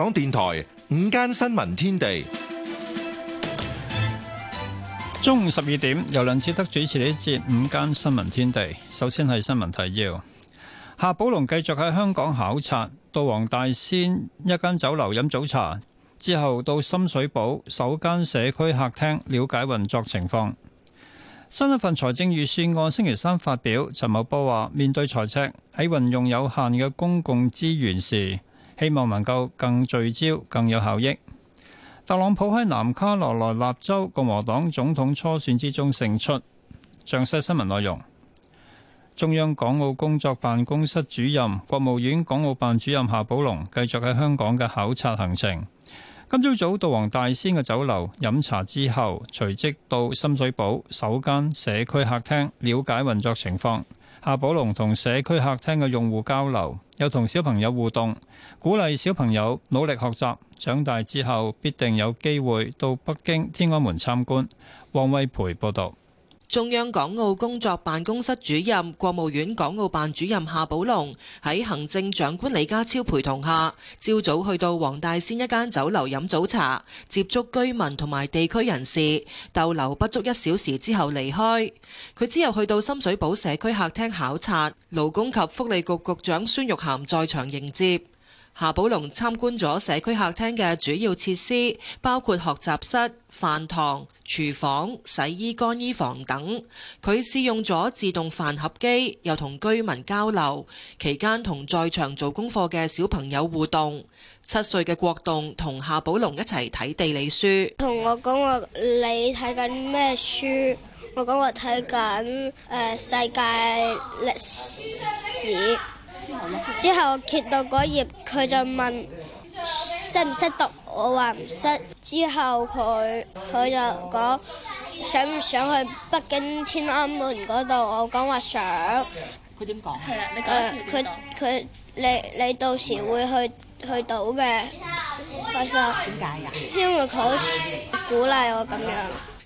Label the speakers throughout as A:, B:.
A: 港電台午間
B: 新聞天地，中午十二點由梁志德主持呢一節午間新聞天地。首先係新聞提要，夏寶龍繼續喺香港考察，到黃大仙一間酒樓飲早茶，之後到深水埗首間社區客廳了解運作情況。新一份財政預算案星期三發表，陳茂波話面對財赤，喺運用有限嘅公共資源時，希望能夠更聚焦、更有效益。特朗普喺南卡羅來納州共和黨總統初選之中勝出。詳細新聞內容，中央港澳工作辦公室主任、國務院港澳辦主任夏寶龍繼續喺香港嘅考察行程。今朝早到黃大仙嘅酒樓飲茶之後，隨即到深水埗首間社區客廳了解運作情況。夏寶龍同社區客廳嘅用戶交流，又同小朋友互動，鼓勵小朋友努力學習，長大之後必定有機會到北京天安門參觀。王惠培報道。
C: 中央港澳工作辦公室主任、國務院港澳辦主任夏寶龍喺行政長官李家超陪同下，朝早去到黃大仙一間酒樓飲早茶，接觸居民同埋地區人士，逗留不足一小時之後離開。佢之後去到深水埗社區客廳考察，勞工及福利局局局長孫玉菡在場迎接。夏寶龍參觀咗社區客廳嘅主要設施，包括學習室、飯堂、廚房、洗衣乾衣房等。佢試用咗自動飯盒機，又同居民交流。期間同在場做功課嘅小朋友互動。七歲嘅國棟同夏寶龍一齊睇地理書，同我講話，你睇緊咩書？我講話睇緊，誒，世界歷史。之後我揭到嗰頁，佢就問識唔識讀，我話唔識。之後佢佢就講想唔想去北京天安門嗰度，我講話想。佢點講？佢佢你你到時會去去到嘅，我實。點解呀？因為佢好鼓勵我咁樣。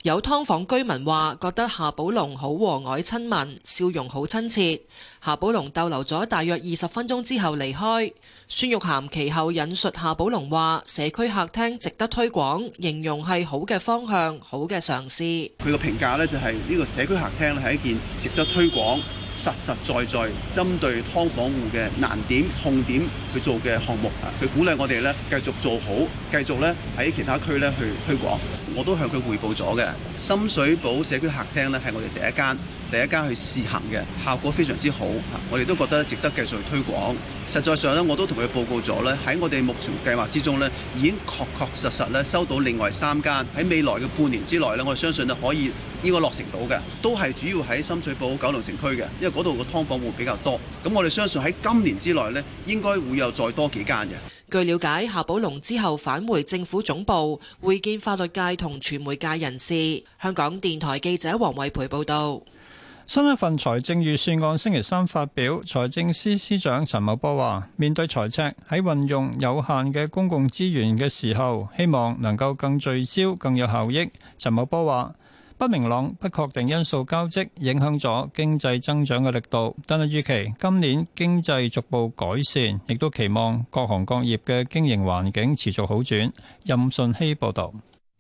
C: 有劏房居民話：覺得夏寶龍好和藹親民，笑容好親切。夏寶龍逗留咗大約二十分鐘之後離開。孫玉菡其後引述夏寶龍話：社區客廳值得推廣，形容係好嘅方向，好嘅嘗試。佢嘅評價呢就係呢個社區客廳咧係一件值得推廣實實在在針對劏房戶嘅
D: 難點、痛點去做嘅項目，佢鼓勵我哋咧繼續做好，繼續咧喺其他區咧去推廣。我都向佢匯報咗嘅深水埗社區客廳咧，係我哋第一間、第一間去試行嘅，效果非常之好，我哋都覺得值得繼續推廣。實在上咧，我都同佢報告咗咧，喺我哋目前計劃之中咧，已經確確實實咧收到另外三間喺未來嘅半年之內咧，我相信就可以。呢個落成到嘅都係主要喺深水埗九龍城區嘅，因為嗰度個劏房會比較多。咁我哋相信喺今年之內呢，應該會有再多幾間嘅。
C: 據了解，夏寶龍之後返回政府總部會見法律界同傳媒界人士。香港電台記者黃惠培報
B: 道。新一份財政預算案星期三發表，財政司司長陳茂波話：面對財赤喺運用有限嘅公共資源嘅時候，希望能夠更聚焦、更有效益。陳茂波話。不明朗、不確定因素交織，影響咗經濟增長嘅力度。但係預期今年經濟逐步改善，亦都期望各行各業嘅經營環境持續好轉。任順希報道。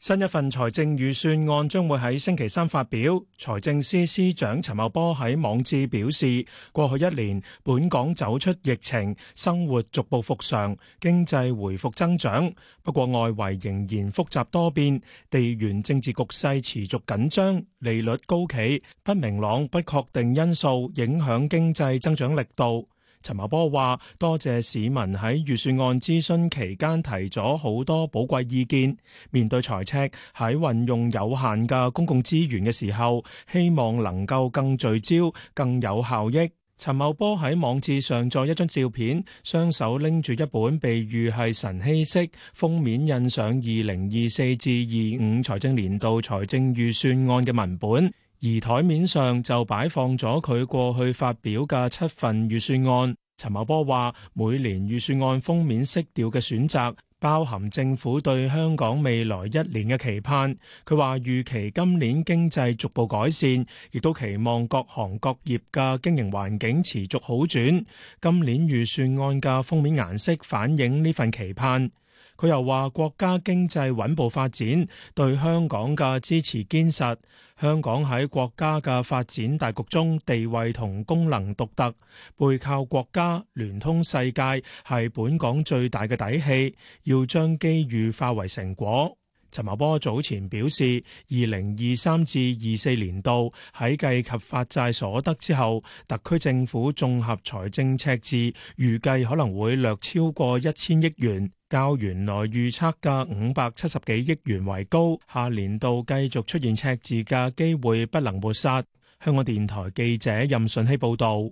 B: 新一份財政預算案將會喺星期三發表。財
A: 政司司長陳茂波喺網誌表示，過去一年本港走出疫情，生活逐步復常，經濟回復增長。不過外圍仍然複雜多變，地緣政治局勢持續緊張，利率高企，不明朗、不確定因素影響經濟增長力度。陳茂波話：多謝市民喺預算案諮詢期間提咗好多寶貴意見，面對財赤喺運用有限嘅公共資源嘅時候，希望能夠更聚焦、更有效益。陳茂波喺網誌上載一張照片，雙手拎住一本被譽係神羲式封面，印上二零二四至二五財政年度財政預算案嘅文本。而枱面上就擺放咗佢過去發表嘅七份預算案。陳茂波話：每年預算案封面色調嘅選擇，包含政府對香港未來一年嘅期盼。佢話預期今年經濟逐步改善，亦都期望各行各業嘅經營環境持續好轉。今年預算案嘅封面顏色反映呢份期盼。佢又話，國家經濟穩步發展，對香港嘅支持堅實。香港喺國家嘅發展大局中地位同功能獨特，背靠國家聯通世界，係本港最大嘅底氣。要將機遇化為成果。陳茂波早前表示，二零二三至二四年度喺計及發債所得之後，特區政府綜合財政赤字預計可能會略超過一千億元，較原來預測嘅五百七十幾億元為高。下年度繼續出現赤字嘅機會不能抹殺。
B: 香港電台記者任順希報道。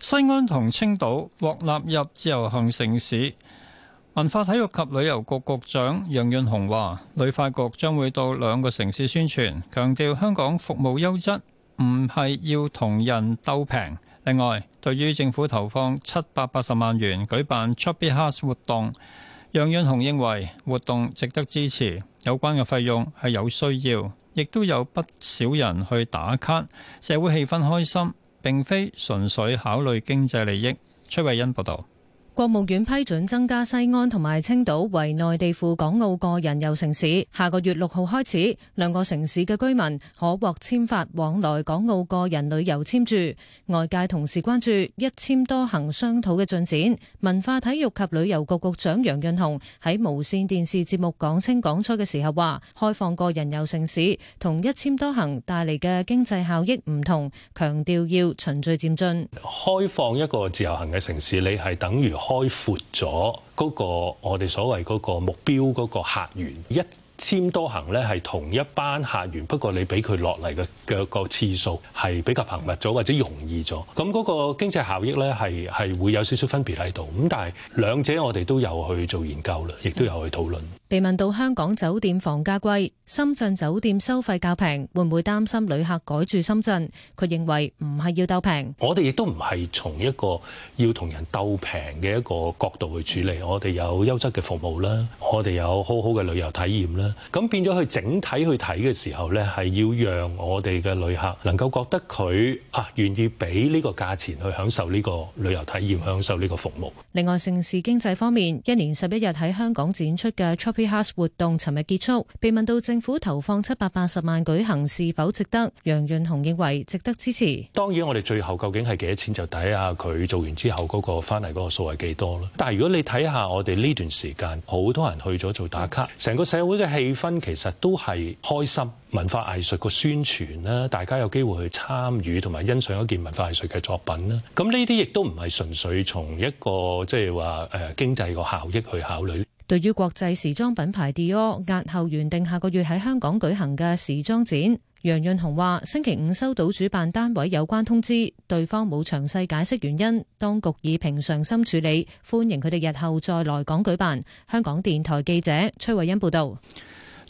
B: 西安同青島獲納入自由行城市。文化體育及旅遊局局長楊潤雄話：旅發局將會到兩個城市宣傳，強調香港服務優質，唔係要同人鬥平。另外，對於政府投放七百八十萬元舉辦 Chubby House 活動，楊潤雄認為活動值得支持，有關嘅費用係有需要，亦都有不少人去打卡，社會氣氛開心，並非純粹考慮經濟利益。崔慧欣報導。
E: 國務院批准增加西安同埋青島為內地赴港澳個人遊城市，下個月六號開始，兩個城市嘅居民可獲簽發往來港澳個人旅遊簽注。外界同時關注一簽多行商討嘅進展。文化體育及旅遊局局長楊潤雄喺無綫電視節目講清講楚嘅時候話，開放個人遊城市同一簽多行帶嚟嘅經濟效益唔同，強調要循序漸進。
F: 開放一個自由行嘅城市，你係等於。開闊咗。嗰個我哋所謂嗰個目標嗰個客源一簽多行咧，係同一班客源，不過你俾佢落嚟嘅個次數係比較頻密咗，或者容易咗。咁嗰個經濟效益咧，係係會有少少分別喺度。咁但係兩者我哋都有去做研究啦，亦都有去討論，
E: 被問到香港酒店房價貴，深圳酒店收費較平，會唔會擔心旅客改住深圳？佢認為唔係要鬥平，
F: 我哋亦都唔係從一個要同人鬥平嘅一個角度去處理。我哋有優質嘅服務啦，我哋有好好嘅旅遊體驗啦。咁變咗去整體去睇嘅時候呢，係要讓我哋嘅旅客能夠覺得佢啊願意俾呢個價錢去享受呢個旅遊體驗，享受呢個服務。
E: 另外，盛事經濟方面，一年十一日喺香港展出嘅 Choppy House 活動，尋日結束。被問到政府投放七百八十萬舉行是否值得，楊潤雄認為值得支持。
F: 當然，我哋最後究竟係幾多錢，就睇下佢做完之後嗰個翻嚟嗰個數係幾多啦。但係如果你睇下我哋呢段時間好多人去咗做打卡，成個社會嘅氣氛其實都係開心。文化藝術個宣傳啦，大家有機會去參與同埋欣賞一件文化藝術嘅作品啦。咁呢啲亦都唔係純粹從一個即係話誒經濟個效益去考慮。
E: 對於國際時裝品牌 Dior 押後原定下個月喺香港舉行嘅時裝展，楊潤雄話：星期五收到主辦單位有關通知，對方冇詳細解釋原因。當局以平常心處理，歡迎佢哋日後再來港舉辦。香港電台記者崔慧欣報道。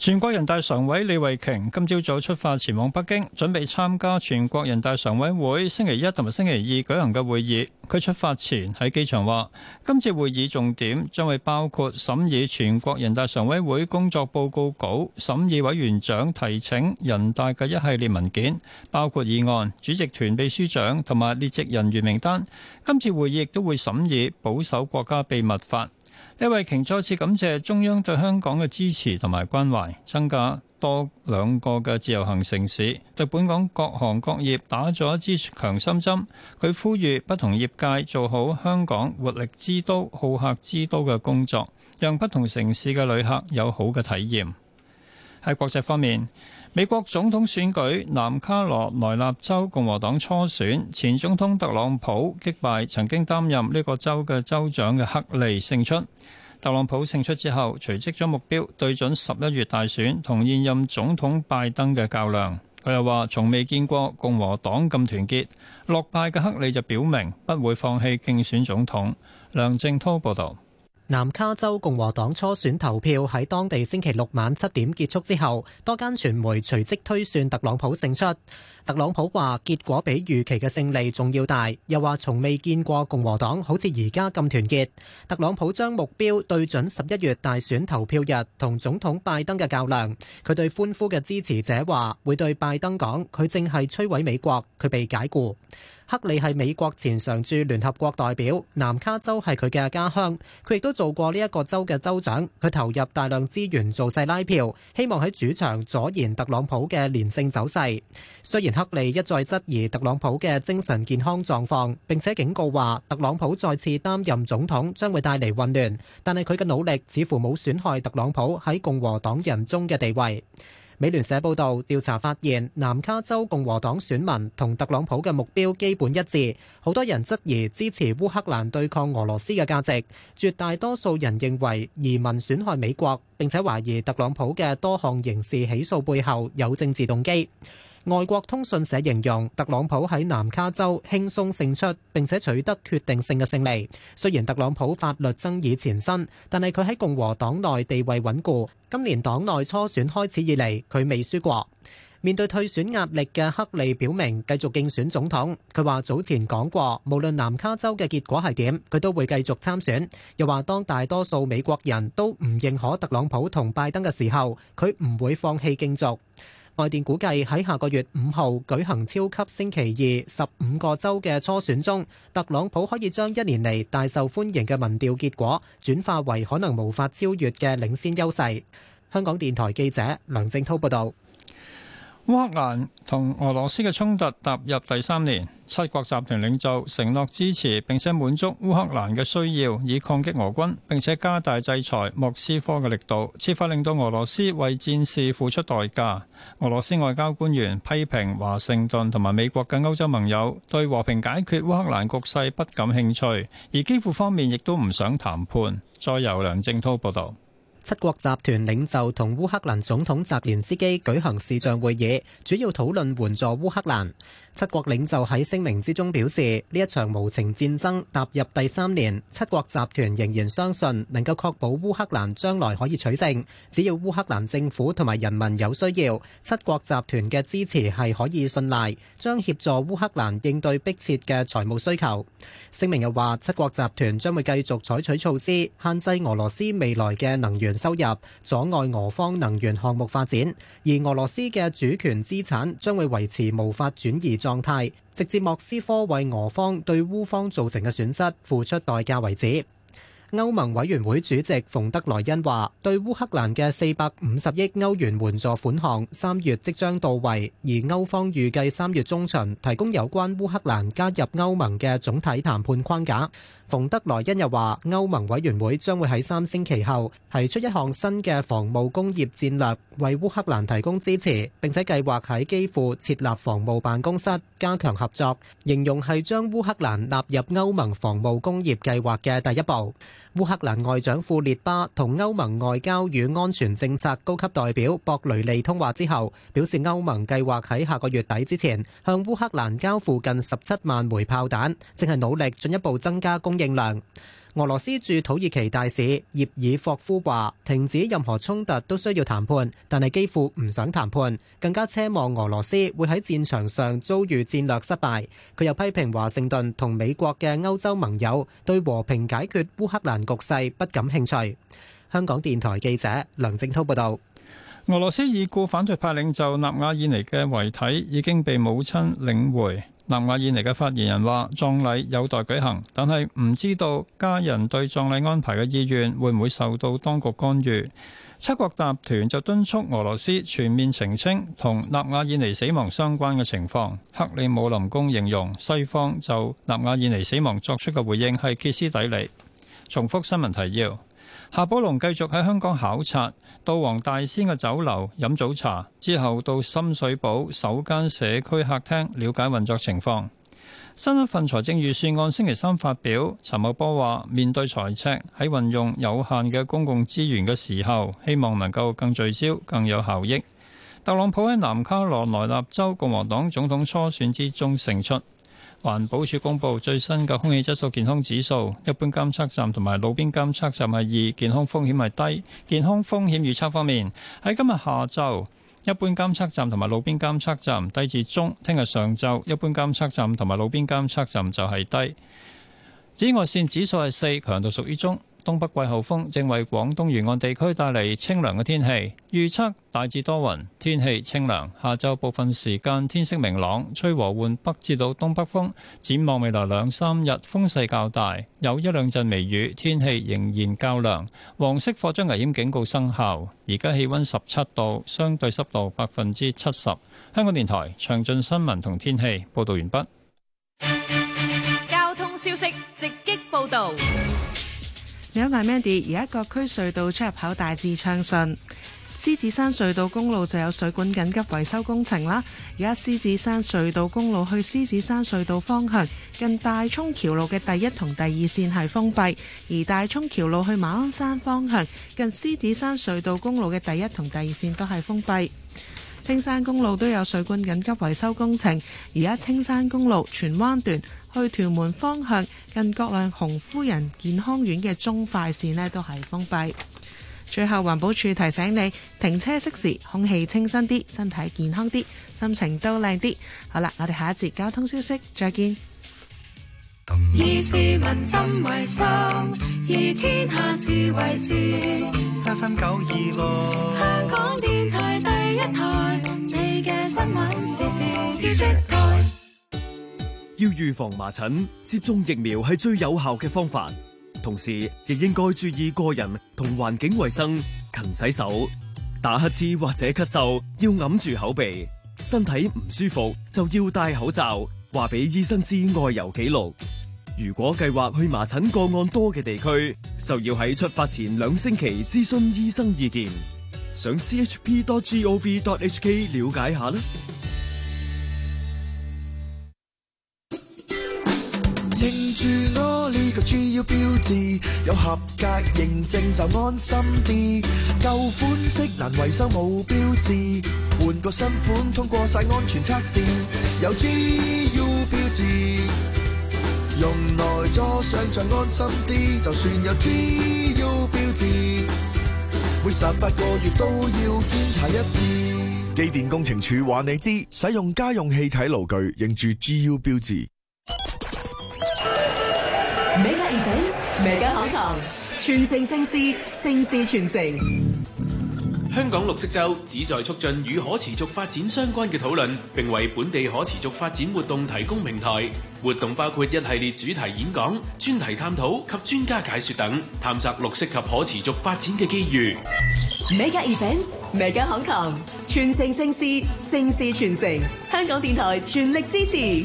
B: 全國人大常委李慧瓊今朝早出發前往北京，準備參加全國人大常委會星期一同埋星期二舉行嘅會議。佢出發前喺機場話，今次會議重點將會包括審議全國人大常委會工作報告稿、審議委員長提請人大嘅一系列文件，包括議案、主席團秘書長同埋列席人員名單。今次會議亦都會審議保守國家秘密法。李慧瓊再次感謝中央對香港嘅支持同埋關懷，增加多兩個嘅自由行城市，對本港各行各業打咗一支強心針，佢呼籲不同業界做好香港活力之都、好客之都嘅工作，讓不同城市嘅旅客有好嘅體驗。喺國際方面。美國總統選舉南卡羅來納州共和黨初選，前總統特朗普擊敗曾經擔任呢個州嘅州長嘅克利勝出。特朗普勝出之後，隨即將目標對準十一月大選同現任總統拜登嘅較量。佢又話：從未見過共和黨咁團結。落敗嘅克利就表明不會放棄競選總統。梁正濤報道。南卡州共和黨初選投票喺當地星期
D: 六晚七點結束之後，多間傳媒隨即推算特朗普勝出。特朗普話結果比預期嘅勝利仲要大，又話從未見過共和黨好似而家咁團結。特朗普將目標對準十一月大選投票日同總統拜登嘅較量。佢對歡呼嘅支持者話會對拜登講，佢正係摧毀美國，佢被解雇。克利係美國前常駐聯合國代表，南卡州係佢嘅家鄉，佢亦都做過呢一個州嘅州長。佢投入大量資源做勢拉票，希望喺主場阻延特朗普嘅連勝走勢。雖然克利一再質疑特朗普嘅精神健康狀況，並且警告話特朗普再次擔任總統將會帶嚟混亂，但係佢嘅努力似乎冇損害特朗普喺共和黨人中嘅地位。美聯社報道，調查發現南卡州共和黨選民同特朗普嘅目標基本一致，好多人質疑支持烏克蘭對抗俄羅斯嘅價值，絕大多數人認為移民損害美國，並且懷疑特朗普嘅多項刑事起訴背後有政治動機。外國通訊社形容特朗普喺南卡州輕鬆勝出，並且取得決定性嘅勝利。雖然特朗普法律爭議纏身，但係佢喺共和黨內地位穩固。今年黨內初選開始以嚟，佢未輸過。面對退選壓力嘅克利表明繼續競選總統。佢話早前講過，無論南卡州嘅結果係點，佢都會繼續參選。又話當大多數美國人都唔認可特朗普同拜登嘅時候，佢唔會放棄競逐。外電估計喺下個月五號舉行超級星期二十五個州嘅初選中，特朗普可以將一年嚟大受歡迎嘅民調結果轉化為可能無法超越嘅領先優勢。香港電台記者梁正滔報導。
B: 烏克蘭同俄羅斯嘅衝突踏入第三年。七國集團領袖承諾支持並且滿足烏克蘭嘅需要，以抗擊俄軍，並且加大制裁莫斯科嘅力度，設法令到俄羅斯為戰事付出代價。俄羅斯外交官員批評華盛頓同埋美國嘅歐洲盟友對和平解決烏克蘭局勢不感興趣，而基輔方面亦都唔想談判。再由梁正滔報道。
D: 七國集團領袖同烏克蘭總統澤連斯基舉行視像會議，主要討論援助烏克蘭。七國領袖喺聲明之中表示，呢一場無情戰爭踏入第三年，七國集團仍然相信能夠確保烏克蘭將來可以取勝。只要烏克蘭政府同埋人民有需要，七國集團嘅支持係可以信賴，將協助烏克蘭應對迫切嘅財務需求。聲明又話，七國集團將會繼續採取措施，限制俄羅斯未來嘅能源收入阻礙俄方能源項目發展，而俄羅斯嘅主權資產將會維持無法轉移狀態，直至莫斯科為俄方對烏方造成嘅損失付出代價為止。歐盟委員會主席馮德萊恩話：對烏克蘭嘅四百五十億歐元援助款項，三月即將到位，而歐方預計三月中旬提供有關烏克蘭加入歐盟嘅總體談判框架。馮德萊恩又話：歐盟委員會將會喺三星期後提出一項新嘅防務工業戰略，為烏克蘭提供支持，並且計劃喺基輔設立防務辦公室，加強合作，形容係將烏克蘭納入歐盟防務工業計劃嘅第一步。烏克蘭外長庫列巴同歐盟外交與安全政策高級代表博雷利通話之後，表示歐盟計劃喺下個月底之前向烏克蘭交付近十七萬枚炮彈，正係努力進一步增加供應量。俄羅斯駐土耳其大使葉爾霍夫話，停止任何衝突都需要談判，但係幾乎唔想談判，更加奢望俄羅斯會喺戰場上遭遇戰略失敗。佢又批評華盛頓同美國嘅歐洲盟友對和平
B: 解決烏克蘭局勢不感興趣。香港電台記者梁正滔報道。俄羅斯已故反對派領袖納瓦爾尼嘅遺體已經被母親領回。納瓦爾尼嘅發言人話：葬禮有待舉行，但係唔知道家人對葬禮安排嘅意願會唔會受到當局干預。七國集團就敦促俄羅斯全面澄清同納瓦爾尼死亡相關嘅情況。克里姆林宮形容西方就納瓦爾尼死亡作出嘅回應係歇斯底里。重複新聞提要。夏寶龍繼續喺香港考察，到黃大仙嘅酒樓飲早茶，之後到深水埗首間社區客廳了解運作情況。新一份財政預算案星期三發表，陳茂波話：面對財赤，喺運用有限嘅公共資源嘅時候，希望能夠更聚焦、更有效益。特朗普喺南卡羅來納州共和黨總統初選之中勝出。環保署公布最新嘅空氣質素健康指數，一般監測站同埋路邊監測站係二，健康風險係低。健康風險預測方面，喺今日下晝，一般監測站同埋路邊監測站低至中；聽日上晝，一般監測站同埋路邊監測站就係低。紫外線指數係四，強度屬於中。東北季候風正為廣東沿岸地區帶嚟清涼嘅天氣，預測大致多雲，天氣清涼。下晝部分時間天色明朗，吹和緩北至到東北風。展望未來兩三日風勢較大，有一兩陣微雨，天氣仍然較涼。黃色火災危險警告生效，而家氣溫十七度，相對濕度百分之七十。香港電台詳盡新聞同天氣報道完畢。
C: 交通消息直擊報道。你好，係 Mandy。而家各區隧道出入口大致暢順。獅子山隧道公路就有水管緊急維修工程啦。而家獅子山隧道公路去獅子山隧道方向近大涌橋路嘅第一同第二線係封閉，而大涌橋路去馬鞍山方向近獅子山隧道公路嘅第一同第二線都係封閉。青山公路都有水管緊急維修工程，而家青山公路荃灣段。去屯門方向近郭亮紅夫人健康院嘅中快線咧都係封閉。最後環保署提醒你停車熄匙，空氣清新啲，身體健康啲，心情都靚啲。好啦，我哋下一節交通消息再見。
D: 以
A: 要預防麻疹，接種疫苗係最有效嘅方法。同時，亦應該注意個人同環境衛生，勤洗手。打乞嗤或者咳嗽要掩住口鼻。身體唔舒服就要戴口罩。話俾醫生知外遊記錄。如果計劃去麻疹個案多嘅地區，就要喺出發前兩星期諮詢醫生意見。上 chp.gov.hk 了解下啦。認住我呢個 G U 標
F: 誌，有合格認證就安心啲。舊款式難維修冇標誌，換個新款通過晒安全測試，有 G U
A: 標誌，用耐咗想再安心啲。就算有 G U 標誌，每十八個月都要檢查一次。機電工程署話你知，使用家用氣體爐具
F: 認住 G U 標誌。
A: Mega Events, mega 盛事，全城盛事，盛事全城。
F: 香港綠色周旨在促進與可持續發展相關嘅討論，並為本地可持續發展活動提供平台。活動包括一系列主題演講、專題探討及專家解說等，探索綠色及可持續發展嘅機遇。mega events,
A: mega 盛事，全城盛事，盛事全城。香港電台全力支
E: 持。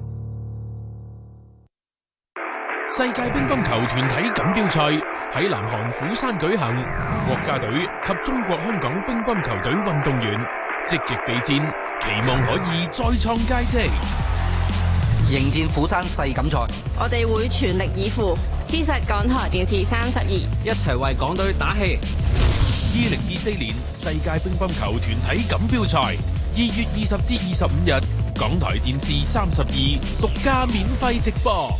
F: 世界乒乓球團體錦標賽喺南韓釜山舉行，國家隊及中國香港乒乓球隊運動員積極備戰，期望可以
C: 再創佳績，迎戰釜山世錦賽。
B: 我哋會全力
C: 以赴。支持港台電視三十二，一齊為港隊打氣。二
F: 零二四年世界乒乓球團體錦標賽，二月二十至二十五日，港台電視三十二獨家免費直播。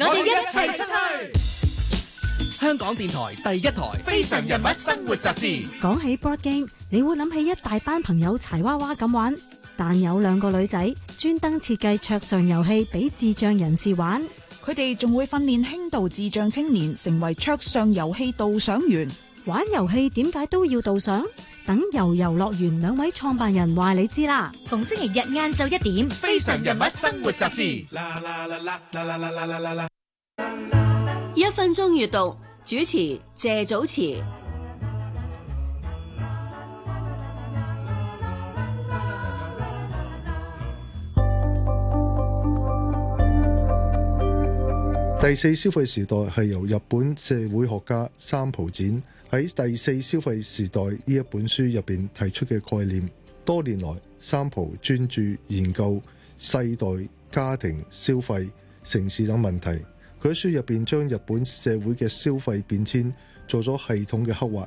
E: 我哋一齊出
C: 去！香港電台第一台《非常人物生活雜誌》講起 board game，你會諗起一大班朋友柴娃娃咁玩。但有兩個女仔專登設計桌上遊戲俾智障人士玩，佢哋仲會訓練輕度智障青年成為桌上遊戲導賞員。玩遊戲點解都要導賞？等遊遊樂園兩位創辦人話你知啦，逢
A: 星期日晏晝一點，《非常人物生活雜誌》。
E: 一分鐘閱讀，主持謝祖慈。
D: 第四消費時代係由日本社會學家三浦展。喺第四消費時代呢一本書入邊提出嘅概念，多年來三浦專注研究世代、家庭、消費、城市等問題。佢喺書入邊將日本社會嘅消費變遷做咗系統嘅刻畫。